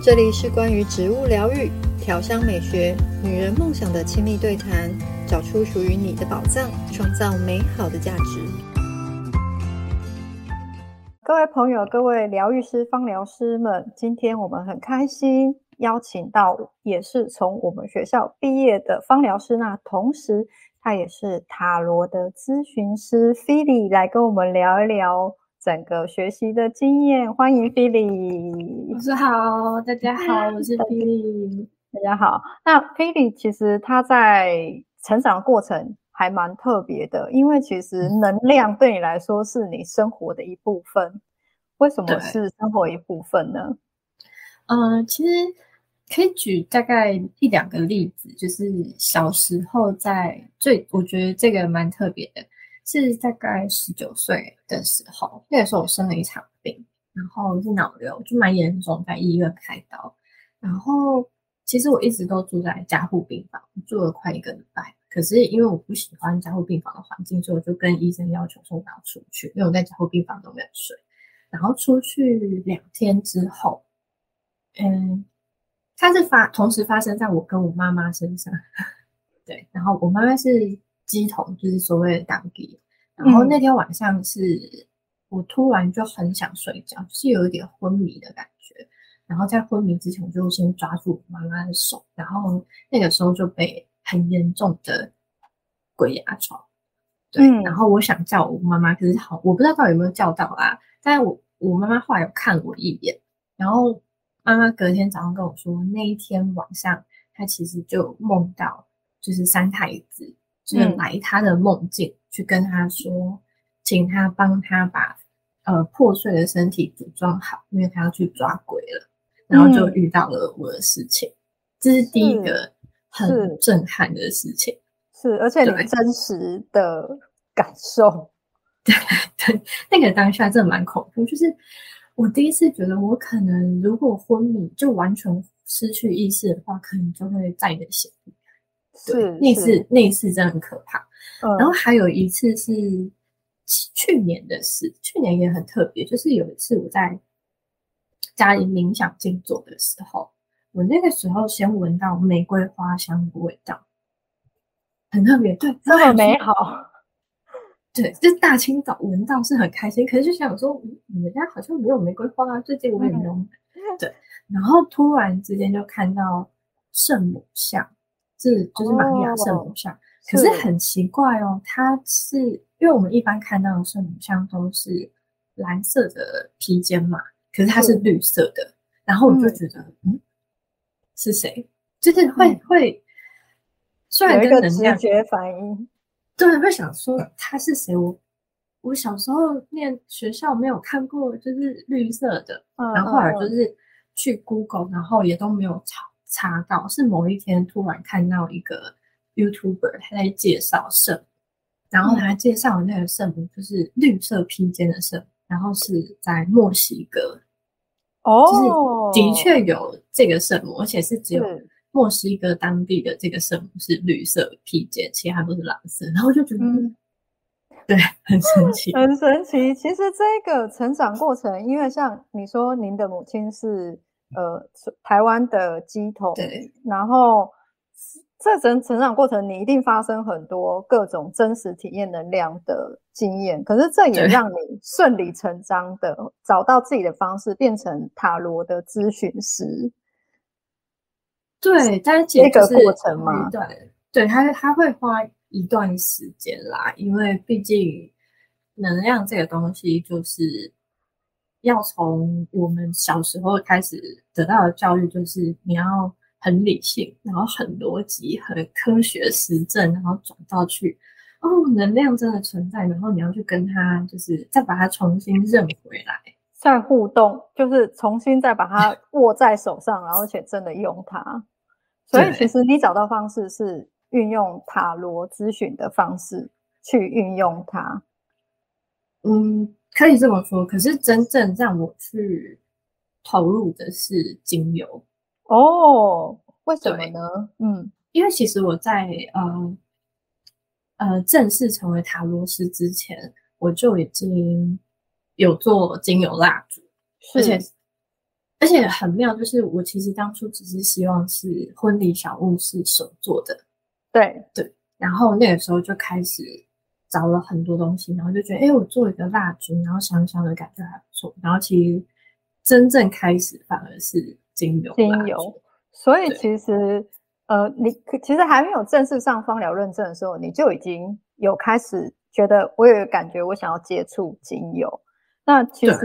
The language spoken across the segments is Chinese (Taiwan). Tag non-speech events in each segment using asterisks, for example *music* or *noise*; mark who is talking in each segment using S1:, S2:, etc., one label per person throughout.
S1: 這裡是關於植物療癒、調香美學、女人夢想的親密對談，找出屬於你的寶藏，創造美好的價值。各位朋友，各位療癒師、芳療師們，今天我們很開心邀請到，也是從我們學校畢業的芳療師，那同時他也是塔羅的諮詢師菲利，來跟我們聊一聊，整個學習的經驗，歡迎菲利。老師好，大家好， *laughs* 我是菲利、嗯。大家好，那菲利其實她在成長過程還蠻特別的，因為其實能量對你來說是你生活的一部分。為什麼是生活的一部分呢？嗯、呃，其實可以舉大概一兩個例子，就是小時候在最，我覺得這個蠻特別的。是大概十九歲的時候，那個時候我生了一場病，然後是腦瘤，就蠻嚴重，在醫院開刀。然後其實我一直都住在加護病房，住了快一個禮拜。可是因為我不喜歡加護病房的環境，所以我就跟醫生要求說我要出去，因為我在加護病房都沒有睡。然後出去兩天之後，嗯，它是發，同時發生在我跟我媽媽身上。 *laughs* 對，然後我媽媽是。雞頭就是所謂的當地，然後那天晚上是、嗯、我突然就很想睡覺，是有一點昏迷的感覺，然後在昏迷之前我就先抓住我媽媽的手，然後那個時候就被很嚴重的鬼壓床，對，嗯、然後我想叫我媽媽，可是好我不知道到底有沒有叫到啊，但我我媽媽後來有看我一眼，然後媽媽隔天早上跟我說那一天晚上她其實就夢到就是三太子。是來他的夢境，嗯、去跟他說，請他幫他把呃破碎的身體組裝好，因為他要去抓鬼了。然後就遇到了我的事情，嗯、這是第一個很震撼的事情。是，是，對是，而且是真實的感受。對對，那個當下真的蠻恐怖，就是我第一次覺得，我可能如果昏迷就完全失去意識的話，可能就會再危險。對，是那次是那次真的很可怕。嗯、然後還有一次是去年的事，去年也很特別，就是有一次我在家裡冥想靜坐的時候，我那個時候先聞到玫瑰花香的味道，很特別，對，那麼美好，對，就是大清早聞到是很開心，可是就想說，嗯、你們家好像沒有玫瑰花啊，最近我為什麼？對，然後突然之間就看到聖母像。是，就是瑪利亞聖母像，哦、可是很奇怪哦，他是，是因為我們一般看到的聖母像都是藍色的披肩嘛，可是它是綠色的，是然後我就覺得，嗯，嗯，是誰？就是會、嗯、會，會雖然跟人家一個直覺反應，對，會想說他是誰？我我小時候念學校沒有看過，就是綠色的，嗯、然後就是去 Google，嗯、然後也都沒有查。查到是某一天突然看到一個 YouTuber，他在介紹聖，然後他介紹的那個聖母就是綠色披肩的聖母，然後是在墨西哥。哦，的確有這個聖母，而且是只有墨西哥當地的這個聖母是綠色披肩，其他都是藍色。然後我就覺得，嗯、對，很神奇， *laughs* 很神奇。其實這個成長過程，因為像你說，您的母親是。呃，台灣的機頭，對，然後這成成長過程，你一定發生很多各種真實體驗能量的經驗，可是這也讓你順理成章的對找到自己的方式，變成塔羅的諮詢師。對，但、就是這個過程嘛，對，對他他會花一段時間來，因為畢竟能量這個東西就是。要從我們小時候開始得到的教育，就是你要很理性，然後很邏輯、很科學實證，然後轉到去哦，能量真的存在，然後你要去跟他，就是再把它重新認回來，再互動，就是重新再把它握在手上， *laughs* 然後且真的用它。所以其實你找到方式是運用塔羅諮詢的方式去運用它，對嗯。可以這麼說，可是真正讓我去投入的是精油哦，為什麼呢？對嗯，因為其實我在呃呃正式成為塔羅師之前，我就已經有做精油蠟燭，
S2: 嗯、而且
S1: 而且很妙，就是我其實當初只是希望是婚禮小物是手做的，對對，然後那個時候就開始。找了很多東西，然後就覺得，哎、欸，我做了一個蠟燭，然後香香的感覺還不錯。然後其實真正開始反而是精油，精油。所以其實，對呃，你可，其實還沒有正式上芳療認證的時候，你就已經有開始覺得，我有一個感覺，我想要接觸精油。那其實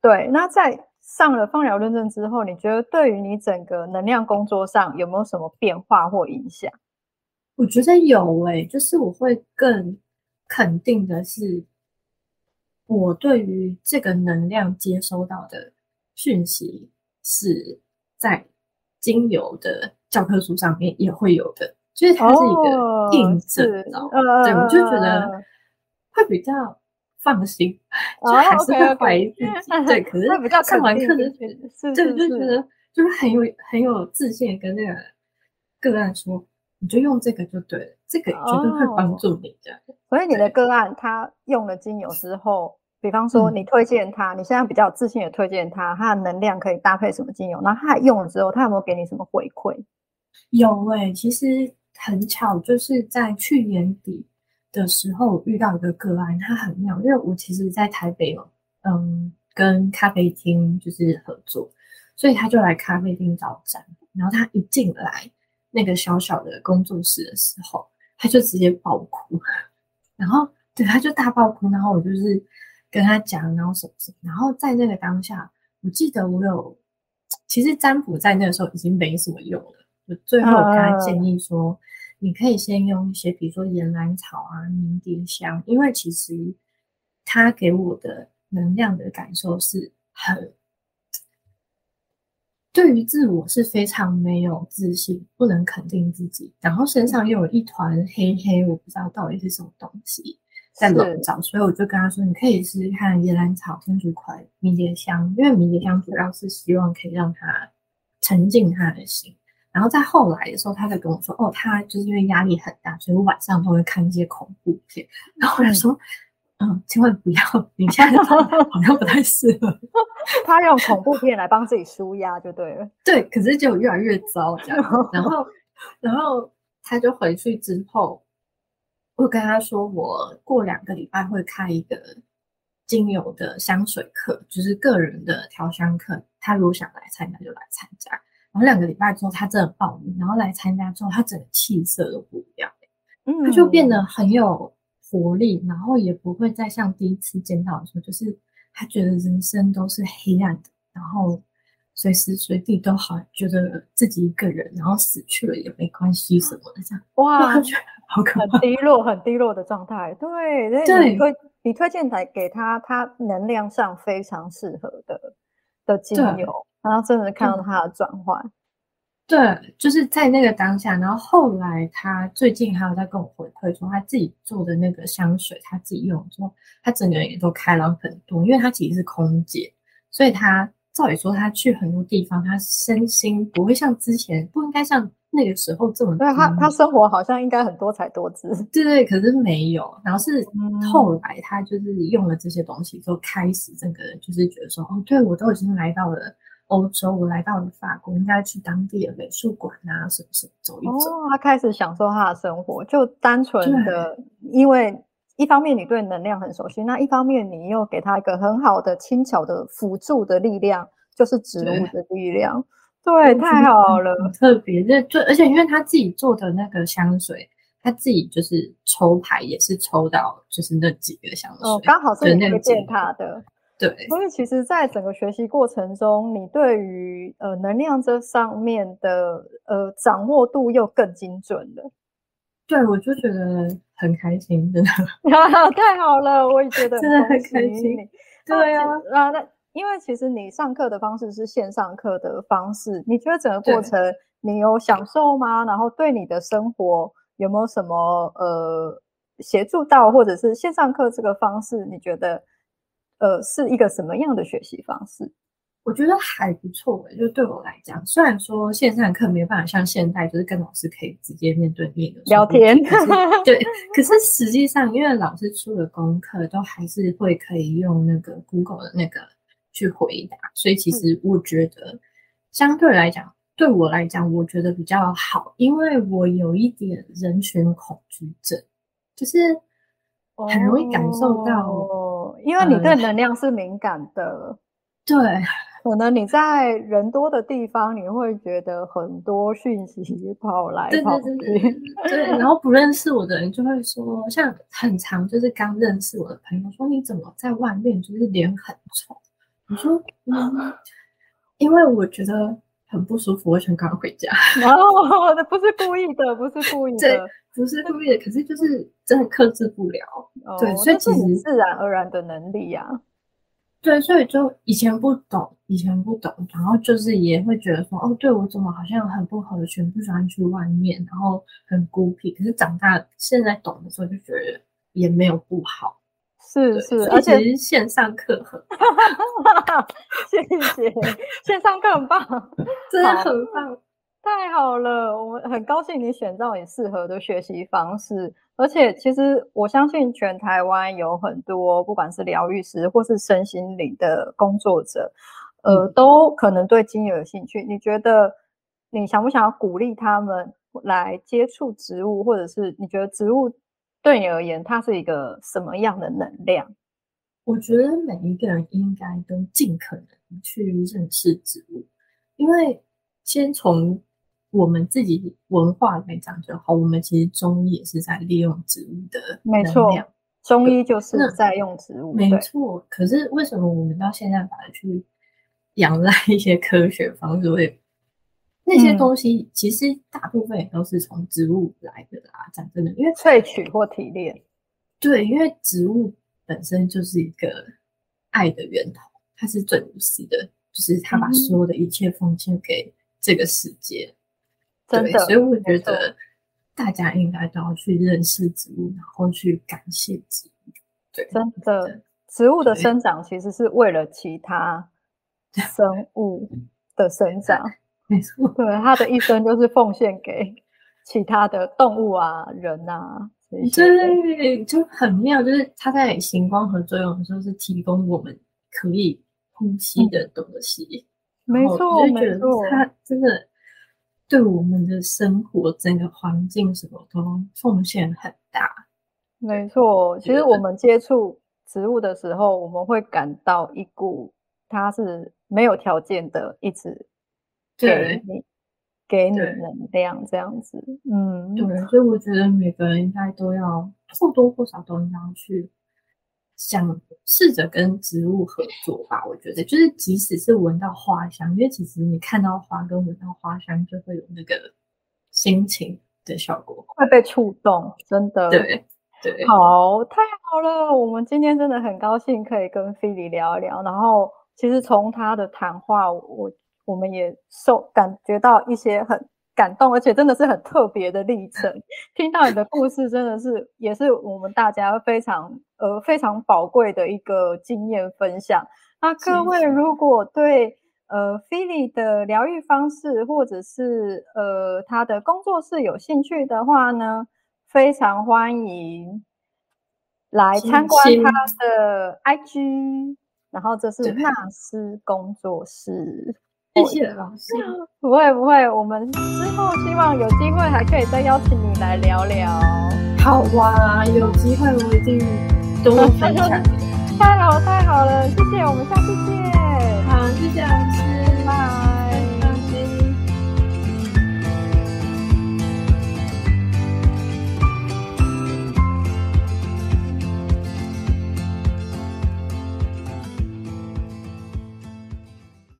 S1: 對，對，那在上了芳療認證之後，你覺得對於你整個能量工作上有沒有什麼變化或影響？我覺得有誒、欸，就是我會更。肯定的是，我對於這個能量接收到的訊息是在精油的教科書上面也會有的，所以它是一個印證。哦、然後，呃、對，我就覺得會比較放心，
S2: 呃、就還是會懷疑自己，啊、okay, okay *laughs* 對，可是看完課就覺得， *laughs* 對，
S1: 是是是就覺得就是很有很有自信，跟那個個案說，你就用這個就對了。這個絕對會幫助你的。oh, 對，所以你的個案，他用了精油之後，比方說你推薦他，嗯、你現在比較自信的推薦他，他的能量可以搭配什麼精油？那他用了之後，他有沒有給你什麼回饋？有喂、欸、其實很巧，就是在去年底的時候遇到一個個案，他很妙，因為我其實在台北有嗯跟咖啡廳就是合作，所以他就來咖啡廳找展。然後他一進來那個小小的工作室的時候，他就直接爆哭，然後對，他就大爆哭，然後我就是跟他講，然後什麼什麼，然後在那個當下，我記得我有，其實占卜在那個時候已經沒什麼用了。最後我跟他建議說，嗯、你可以先用一些，比如說岩蘭草啊、迷迭香，因為其實它給我的能量的感受是很對於自我是非常沒有自信，不能肯定自己，然後身上又有一團黑黑，我不知道到底是什麼東西在籠罩是，所以我就跟他說，你可以試試看野蘭草、天竺葵、迷迭香，因為迷迭香主要是希望可以讓他沉浸他的心。然後在後來的時候，他就跟我說，哦，他就是因為壓力很大，所以我晚上都會看一些恐怖片。然後我就說。嗯嗯，千萬不要，你現在好像不太適合。他 *laughs* 用恐怖片來幫自己舒壓就對了。 *laughs* 對，可是就越來越糟。然後，然後他就回去之後，我跟他說，我過兩個禮拜會開一個精油的香水課，就是個人的調香課。他如果想來參加就來參加。然後兩個禮拜之後，他真的報名，然後來參加之後，他整個氣色都不一樣，嗯，他就變得很有活力，然後也不會再像第一次見到的時候，就是他覺得人生都是黑暗的，然後隨時隨地都好覺得自己一個人，然後死去了也沒關係什麼的這樣。哇，好可怕，很低落，很低落的狀態。對，對，對你推你推薦台給他，他能量上非常適合的的精油，對然後真的看到他的轉換。嗯對，就是在那個當下，然後後來他最近還有在跟我回饋說，他自己做的那個香水，他自己用之後，他整個人也都開朗很多。因為他其實是空姐，所以他照理說他去很多地方，他身心不會像之前，不應該像那個時候這麼。對、啊、他，他生活好像應該很多彩多姿。對對，可是沒有。然後是後來他就是用了這些東西之後，開始整個人就是覺得說，哦，對，我都已經來到了。歐洲，我來到法國，應該去當地的美術館啊，什麼什麼走一走。哦，他開始享受他的生活，就單純的，對因為一方面你對能量很熟悉，那一方面你又給他一個很好的輕巧的輔助的力量，就是植物的力量。對、對，太好了，特別，那就而且因為他自己做的那個香水，嗯、他自己就是抽牌也是抽到就是那幾個香水，哦，剛好是那個見他的。嗯對，所以其實，在整個學習過程中，你對於呃能量這上面的呃掌握度又更精準了。對，我就覺得很開心，真的，啊，太好了！我也覺得真的很開心。你啊對啊，啊，那因為其實你上課的方式是線上課的方式，你覺得整個過程你有享受嗎？對然後對你的生活有沒有什麼呃協助到，或者是線上課這個方式，你覺得？呃，是一個什麼樣的學習方式？我覺得還不錯耶，就對我來講，雖然說線上課沒有辦法像現在，就是跟老師可以直接面對面的聊天，是 *laughs* 對，可是實際上，因為老師出的功課都還是會可以用那個 Google 的那個去回答，所以其實我覺得相對來講，嗯、對我來講，我覺得比較好，因為我有一點人群恐懼症，就是很容易感受到、哦。因為你對能量是敏感的，嗯、對，可能你在人多的地方，你會覺得很多訊息跑來跑去。對，然後不認識我的人就會說，像很常，就是剛認識我的朋友說：“你怎麼在外面就是臉很臭？”我說：“嗯嗯、因為我覺得。”很不舒服，我想趕快回家。然後我的不是故意的，不是故意的，不是故意的。對，不是故意的，可是就是真的克制不了。哦、對，所以其實自然而然的能力呀、啊。對，所以就以前不懂，以前不懂，然後就是也會覺得說，哦，對我怎麼好像很不合群，不喜歡去外面，然後很孤僻。可是長大現在懂的時候，就覺得也沒有不好。是是，對而且是線上課， *laughs* 謝謝， *laughs* 線上課很棒，
S2: 真的很
S1: 棒，好嗯、太好了，我很高興你選到你適合的學習方式。而且其實我相信全台灣有很多，不管是療癒師或是身心靈的工作者，呃，嗯、都可能對精油有興趣。你覺得你想不想要鼓勵他們來接觸植物，或者是你覺得植物？對你而言，它是一個什麼樣的能量？我覺得每一個人應該都盡可能去認識植物，因為先從我們自己文化來講就好。我們其實中醫也是在利用植物的能量，沒錯對中醫就是在用植物，那對沒錯。可是為什麼我們到現在反而去仰賴一些科學方式？會嗯、那些東西其實大部分也都是從植物來的啦，啊，真的，因為萃取或提煉，嗯。對，因為植物本身就是一個愛的源頭，它是最無私的，就是它把所有的一切奉獻給這個世界。嗯、對真的，所以我覺得大家應該都要去認識植物，然後去感謝植物。對，真的，對植物的生長其實是為了其他生物的生長。 *laughs* 沒錯，他的一生就是奉獻給其他的動物啊、 *laughs* 人啊。吶，對，就很妙，就是他在行光合作用的時候是提供我們可以呼吸的東西。沒錯、嗯，沒錯，他真的對我們的生活、錯整個環境什麼都奉獻很大。沒錯，對其實我們接觸植物的時候，嗯、我們會感到一股它是沒有條件的一直。給你對給你能量這樣子，對嗯，對，嗯、所以我覺得每個人應該都要或多，多或少都應該去想試着跟植物合作吧。我覺得就是即使是聞到花香，因為其實你看到花跟聞到花香就會有那個心情的效果，會被觸動，真的。對對，對好，太好了，我們今天真的很高興可以跟菲利聊一聊。然後其實從他的談話我，我。我們也受感覺到一些很感動，而且真的是很特別的歷程。 *laughs* 聽到你的故事，真的是 *laughs* 也是我們大家非常呃非常寶貴的一個經驗分享。那、啊、各位如果對是是呃菲利的療癒方式，或者是呃他的工作室有興趣的話呢，非常歡迎來參觀他的 IG，是是然後，這是娜絲工作室。謝謝老師， *laughs* 不會不會，我們之後希望有機會還可以再邀請你來聊聊。好哇、啊，有機會我一定多分享。太好了，太好了，謝謝，我們下次見。好，謝謝老師拜拜。